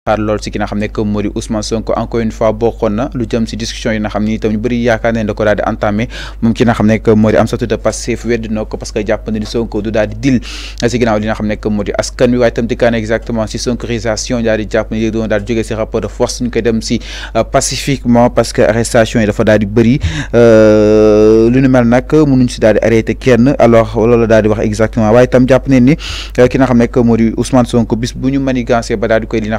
par lool si ki n'a xam ne que moo Ousmane Sonko encore une fois beaucoup na lu jëm si discussion yi n'a xam ni itam ñu bëri yaakaar ne da ko daal di entamé moom ki nga xam ne que moo di de Pastef parce que jàpp na ni Sonko du daal di dil si ginnaaw li nga xam ne que moo di askan wi waaye exactement si sonkorisation daal di jàpp ni léegi doon daal di jógee si rapport de force ñu koy dem si euh, pacifiquement parce que arrestation il dafa daal di bëri euh, lu nu mel nag mënuñ si daal di alors loolu daal di wax exactement waaye itam jàpp ne ni euh, ki n'a xam ne que moo Ousmane Sonko bis bu ñu manigancé ba daal di koy li nga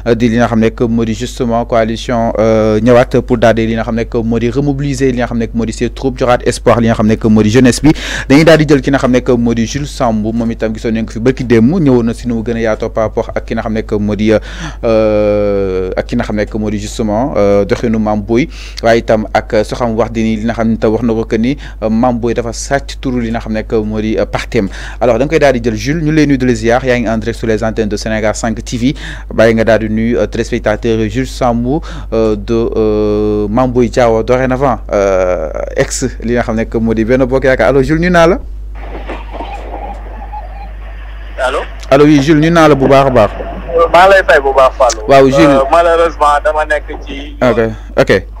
Euh, di li nga xam nekk moo justement coalition euh ñëwaat pour daal li nga xam nekk moo remobiliser li nga xam nekk moo ses troupes joxaat espoir li nga xam nekk moo jeunesse bi dañuy daal di jël ki nga xam nekk moo Jules Sambou moom itam gisoon nañ ko fi barki démb ñëwoon na si nu mu gën par rapport ak ki nga xam nekk moo di euh, ak ki nga xam nekk moo di justement euh, doxinu Mame Boye waaye itam ak soxam wax di ni li nga xam ne tam wax na que ni mam boy dafa sacc turu li nga xam nekk moo partem alors da nga koy daal di jël Jules ñu lay nuyu de les ziar yaa ngi en direct sur les antennes de Sénégal 5 TV baye nga daal di devenu euh, spectateur juste sans mots euh, de euh, Mame Boye Diao dorénavant ex li nga xam ne modi ben Bokk allo Jules ñu la. allo allo oui Jules ñu la bu baax baax. maa lay fay bu baax fallo waaw Jules malheureusement dama nek ci. ok ok.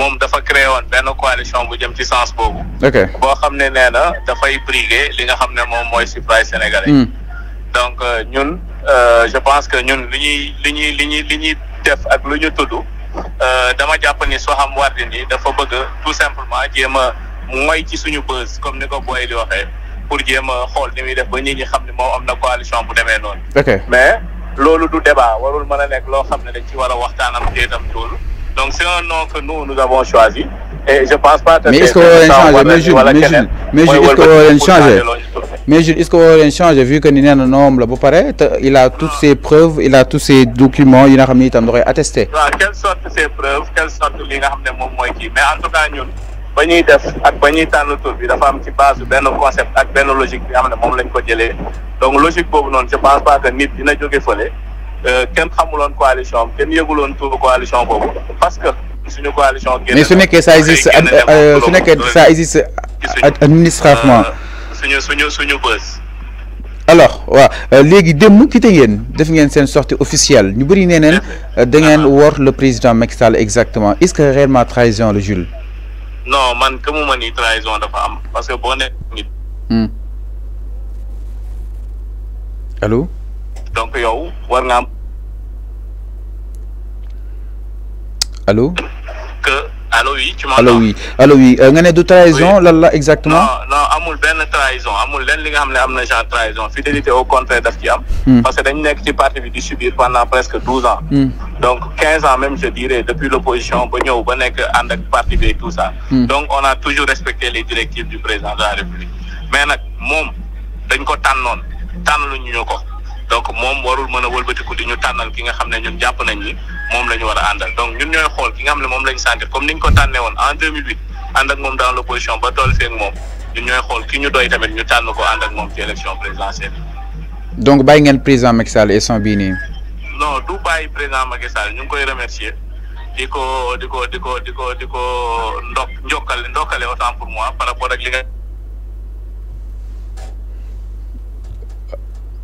moom dafa créé woon benn coalition bu jëm ci sens boobu. boo xam ne nee na dafay briguer li nga xam ne moom mooy suffrage sénégalais. Hmm. donc euh, ñun euh, je pense que ñun li ñuy li ñuy li ñuy li ñuy def ak lu ñu tudd euh, dama jàpp ni Soham Wardini dafa bëgg tout simplement jéem a mooy ci suñu bës comme ni ko booy di waxee pour jéem a xool ni muy def ba nit ñi xam ne moom am na coalition bu demee noonu. mais loolu du débat warul mën a nekk loo xam ne dañ ci war a am téetam tool. Donc c'est un nom que nous, nous avons choisi. Et je pense pas mais est-ce qu'on aurait mais je mais Jules, mais je est-ce qu'on aurait changé mais je est-ce qu'on aurait changé vu que Nina un homme là paraît il a toutes ses preuves il a tous ses documents il a ramené tam t'en attesté waaw quelle sorte ces preuves quelle sorte li nga xamné mom moy ki mais en tout cas ñun bañuy def ak bañuy ñuy tour bi dafa am ci base ben concept ak ben logique bi nga mom lañ ko jëlé. donc logique bobu non je pense pas que nit dina joggé feulé euh, kenn xamuloon coalition am kenn yëguloon coalition bobu parce que suñu coalition. génne mais su nekkee ça existe euh, euh, su nekkee ça existe administrativement. suñu suñu suñu bës. alors waaw léegi démb quitté ngeen def ngeen seen sortie officielle ñu bëri nee neen da ngeen woor le président Macky Sall exactement est-ce que réellement trahison le Jules. non man gëmuma ni trahison dafa am parce que boo nekk nit. Hmm. Allô donc yow war nga allô que oui. tu m'entends Allô, oui allô oui euh, nga ne du trahison là exactement. non non amul ben trahison amul lenn li nga trahison fidélité au contraire daf am. Hmm. parce que dañu une ci parti bi di subir pendant presque 12 ans. Hmm. donc 15 ans même je dirais depuis l'opposition ba avons ba à parti bi tout ça. Hmm. donc on a toujours respecté les directives du président de la république mais nak mom dañ ko tànnoon tànnaluñu ñu ko. donc moom warul mën a wëlbatiku di ñu tànnal ki nga xam ne ñun jàpp nañ ni moom la ñu war a àndal donc ñun ñooy xool ki nga xam ne moom la ñu sentir comme ni ñu ko tànnee woon en 2008 ànd ak moom dans l'opposition ba toll feeg moom ñun ñooy xool ki ñu doy tamit ñu tànn ko ànd ak moom ci élection présidentielle. donc bàyyi ngeen président Macky Sall instant bii nii. non du bàyyi président Macky Sall ñu ngi koy remercier di ko di ko di ko di ko di ko ndokkale ndokkale autant pour moi par rapport ak li nga.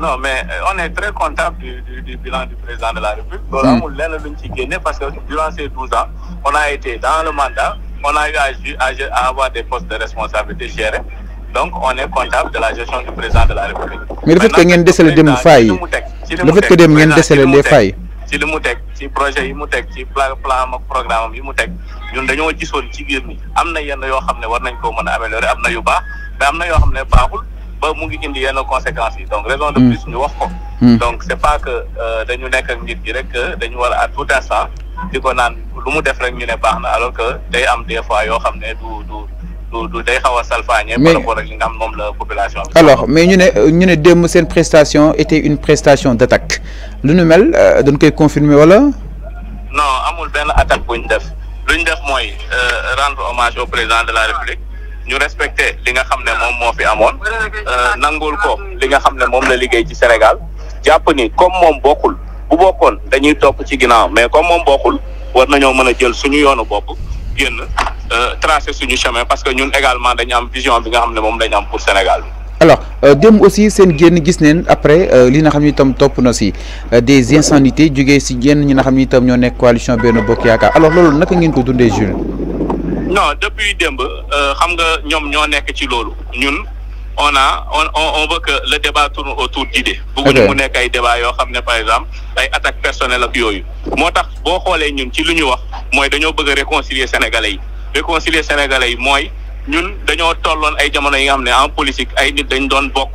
non mais euh, on est très content du, bilan du président de la République. Hmm. parce que ans on a été dans le mandat on a eu à, avoir des postes de responsabilité gérés donc on est comptable de la gestion du président de la République. mais le fait que des failles le fait que dem avez les failles. Si le le projet le plan programme ñun ci améliorer ba mu ngi indi yenn conséquences donc raison de hmm. plus ñu wax ko hmm. donc c'est pas que euh, dañu nekk ak nit yi rek dañu war à tout instant di ko naan lu mu def rek ñu ne baax alors que day am des fois yoo xam ne du du du du day xaw a salfaañe par rapport ak li nga xam moom la population alors mais ñu ne ñu ne démb seen prestation était une prestation d'attaque lu nu mel euh, dañ koy confirmer wala non amul benn attaque buñ def luñ def mooy euh, rendre hommage au président de la république nous respecté li nga xamné mom moom moo fi nous. Euh, nangul ko li nga xamné mom la ci Sénégal japp ni comme Nous bokul bu bokone dañuy top ci ginaaw mais comme mom bokul war nañu mëna jël suñu yoonu genn euh, tracer chemin parce que ñun également dañu am vision bi nga xamné mom lañu am pour Sénégal Nous alors euh, dem aussi nous, gis neen li des coalition Bokk alors loolu le non depuis démb euh, xam nga ñoom ñoo nekk ci lolu ñun on a on on veut que le débat tourne autour d'idées. Bu mu nekk ay débat yo xamné par exemple ay attaques personnelles ak yoyu. Motax bo xolé ñun ci lu ñu wax moy dañoo bëgg réconcilier sénégalais yi réconcilier sénégalais yi moy ñun dañoo tolloon ay jamono yi nga xam en politique ay nit dañ doon bokk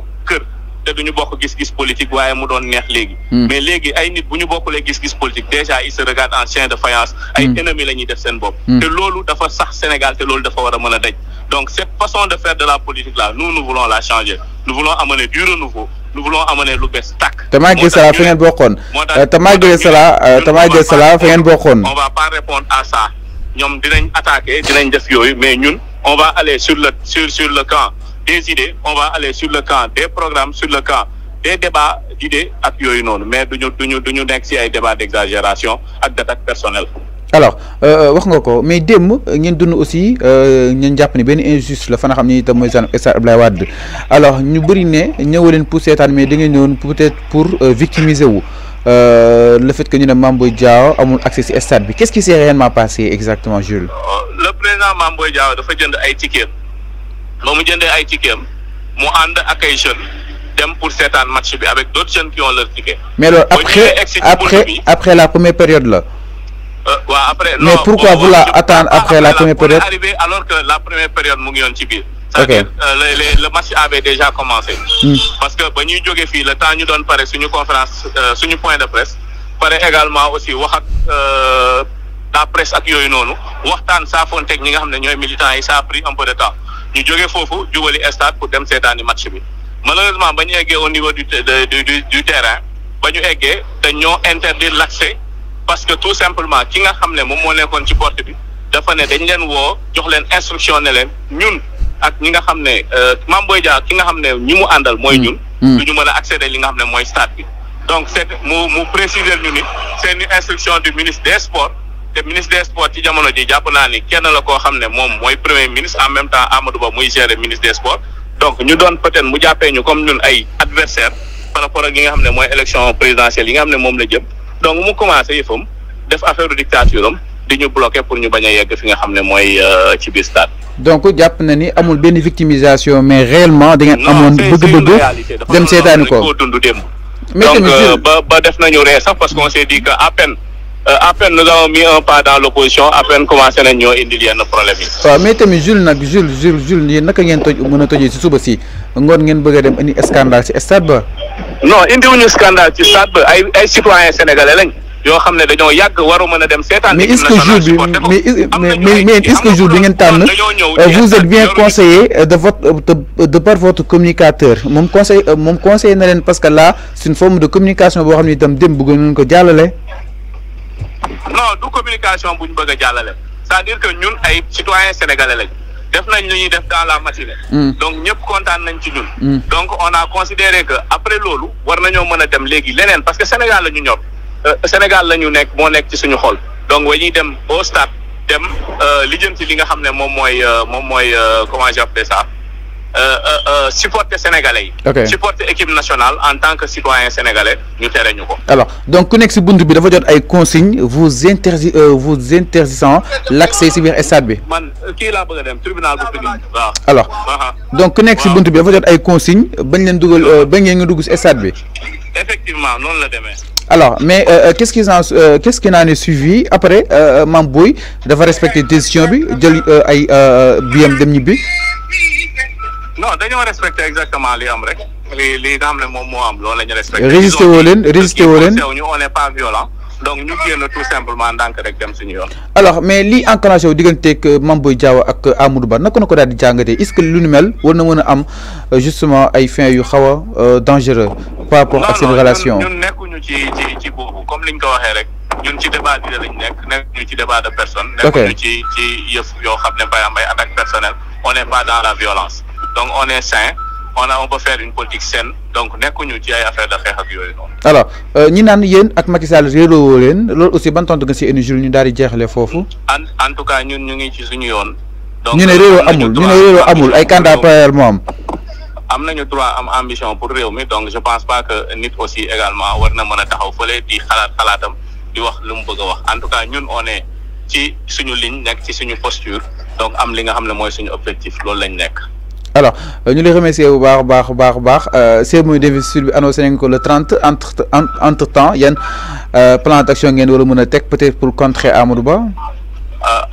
te bokk gis-gis politique waaye mu doon neex légui hmm. mais légui ay nit buñu ñu lé gis-gis politique déjà ils se regardent en chien de faïence ay hmm. ennemi la def sen bop hmm. té loolu dafa sax Sénégal té loolu dafa wara mëna daj donc cette façon de faire de la politique là nous nous voulons la changer nous voulons amener du renouveau nous voulons amener lu bees tàkk te malgré cela fi ngeen bokkoon te cela te malgré cela fi ngeen on va pas répondre à ça ñoom dinañ attaquer dinañ def yooyu mais ñun on va aller sur le sur sur le camp des idées on va aller sur le camp des programmes sur le camp des débats d'idées à yooyu mais nous duñu pas nekk ci débats d'exagération des d'attaque personnelle alors euh, wax mais démb ngeen aussi euh, ngeen jàpp injuste la à xam ne alors nous bëri ne nous pour mais peut-être pour euh, victimiser le fait que nous avons un Boye amul accès à stade qu'est-ce qui s'est réellement passé exactement Jules. le président Mamboy Boye Diao dafa jënd ay ba mu ay ticket mu and ak ay dem pour sétane match bi avec d'autres jeunes qui ont leur ticket. mais après après après la première période là. Euh, après non mais pourquoi vous attendre après la première période. arrivé alors que la première période mu ngi ci biir. ok euh, le le match avait déjà commencé. Hmm. parce que ba ñuy jógee le temps ñu pareil sur suñu conférence euh, suñu point de presse paré également aussi wax ak la presse ak yooyu noonu waxtan sa teg ñi nga xamné ñoy militants et ça a pris un peu de temps ni jógee fofu jubali stade pour dem seetaani match bi malheureusement bañu ñu au niveau du du du terrain bañu ñu té ño interdire l'accès parce que tout simplement ki nga xamné ne mo moo ci porte bi dafa né dañ leen wo jox leen instruction né leen ñun ak ñi nga xamné ne euh, Mame Boye Diao ki nga xamné ñi mu andal moy mm. ñun mm. duñu mëna accéder li nga xamné ne stade donc c'est mu mu préciser ñu ni une instruction du ministre des sports te ministre des sports ci jamono ji japp na ni kenn la ko xam mom moy premier ministre en même temps Amadou Ba moy gérer ministre des sports donc ñu doon peut-être mu jappé ñu comme ñun ay adversaire par rapport ak yi nga xam moy élection présidentielle yi nga xam mom la jëm donc mu commencé yefum def affaire dictature di ñu bloquer pour ñu baña yegg fi nga xam moy euh, ci bi stade. donc japp na ni amul ben victimisation mais réellement da ngeen amone bëgg-bëgg dem sétane ko. mais euh, ba ba def nañu ré sax parce qu'on s'est dit que à peine. Euh, à peine nous avons mis un pas dans l'opposition à peine commencé à ñoo indi yenn problème yi. mais tamit Jules nag Jules Jules Jules yéen naka ngeen toj mën a tojee si suba si ngoon ngeen bëgg a dem indi scandale ci stade ba. non indiwuñu scandale ci stade ba ay ay citoyens sénégalais lañ yoo xam ne dañoo yàgg waru mën a des seetaan. mais est-ce que Jules bi mais mais mais est-ce que Jules bi euh, vous êtes bien conseillé euh, de votre de par votre communicateur Mon conseil mon conseiller na leen parce que là c'est une forme de communication boo xam ne itam dem bëgg ko jàllale. non du communication buñ ñu jàllale sa à dire que ñun ay citoyen sénégalais lañ def nañ lu ñuy def dans la hmm. donc ñëpp kontaan nañ ci ñun. Hmm. donc on a considéré que après loolu war nañoo mën a dem léegi leneen parce que Sénégal la ñu ñor euh, Sénégal la ñu nekk moo nekk ci suñu xol donc wañuy dem au dem li jëm ci li nga xam ne moom mooy euh, moom mooy euh, comment j'appelle ça. Euh, euh, euh, supporter sénégalais yi. supporter équipe nationale en tant que citoyen sénégalais ñu tere ñu alors donc ku nekk bi dafa jot ay consignes vous interdit euh, vous interdisant l'accès si biir stade bi. man kii laa bëgg dem tribunal waaw. alors donc ku nekk bi dafa jot ay consignes bañ leen dugal bañ leen nga dugg stade bi. effectivement non la demee. alors mais qu'est-ce qui en qu'est-ce qui en est suivi après Mame Boye dafa respecter décision bi jël ay biyam dem ñibbi non dañoo respecté exactement li am rek li li nga xam mom mo am loolu lañu ñu respecté. résisté woo leen résisté woo leen ñu on n'est pas violent donc ñu génn tout simplement dank rek dem suñu yoon. alors mais li encarnation digganteeg euh, Mame Boye Diao ak euh, Amadou Ba naka na ko daal di jàngatee est-ce que lu nu mel war na mëna am euh, justement ay fin yu xaw a dangereux. par rapport ak seen relation non ñun nekkuñu ci ci ci boobu comme liñ ko waxee rek. ñun ci débat di lañ nekk nekkuñu ci débat de personne. nekkuñu ci ci yëf yoo xam ne fay am ay attaque personnelle on est pas dans la violence. donc on est sain on a on peut faire une politique saine donc nekkuñu ci ay affaire de xeex ak yoy non alors euh, ñi nan yeen ak Macky Sall rélo wo len lool aussi ban tontu nga ci ene jur ñu daal jéxlé fofu en en tout cas ñun ñu ngi ci suñu yoon. donc ñu né rélo amul ñu né rélo amul ay candidat parallèle mo am. am nañu droit am ambition pour rew mi donc je pense pas que nit aussi également war na mën taxaw feulé di xalat xalatam di wax lu mu bëgg wax en tout cas ñun on est ci suñu ligne nek ci suñu posture donc am li nga xam moy suñu objectif lool lañ nek alors ñu euh, les remercier au bar, bar, bar, bar. Euh, C'est d'investiture bi annoncé annoncer le 30 entre entre temps yan euh, plan d'action ngeen war a mën a peut-être pour contrer Amourba.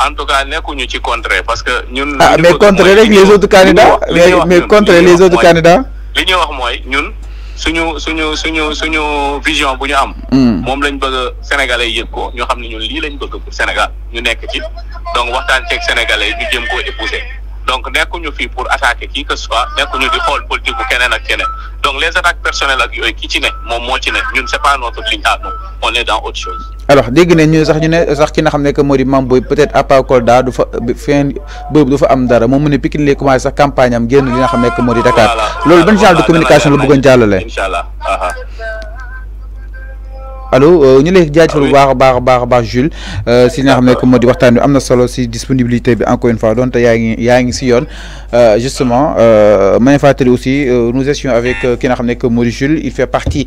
en tout cas nekkuñu ci contrer parce que. ñun ah mais contrer les autres candidats mais contrer les autres candidats. li ñuy wax mooy ñun suñu suñu suñu suñu vision bu ñu am. Hmm. moom lañ bëgg sénégalais yëg ko ñu xam nous ñun lii lañ bëgg pour Sénégal ñu nekk ci donc waxtaan ceeg sénégalais ñu jéem koo épouser. donc nekkuñu fii pour attaquer qui que ce nekkuñu di xool politique keneen ak keneen donc les attaques personnelles ak yooyu ki ci ne moom moo ci ne ñun c'est pas notre ligne à nous on est dans autre chose. alors dégg nañ ñu sax ñu ne sax ki nga xam ne que moo di Mame Boye peut-être à part Kolda du fa fin boobu du fa am dara moom mu ne Pikine lay commencé sax campagne génn li xam ne que Dakar. loolu ban genre de communication la bëggoon jàllale. incha allah Allô, euh, ñu lay jaajëfal ah bu baax a baax baax a baax Jules euh, ah si li nga xam ne que solo si disponibilité bi encore une fois donte yaa ngi yaa ngi si yoon euh, justement may fàttali aussi nous étions avec ki nga xam ne il fait partie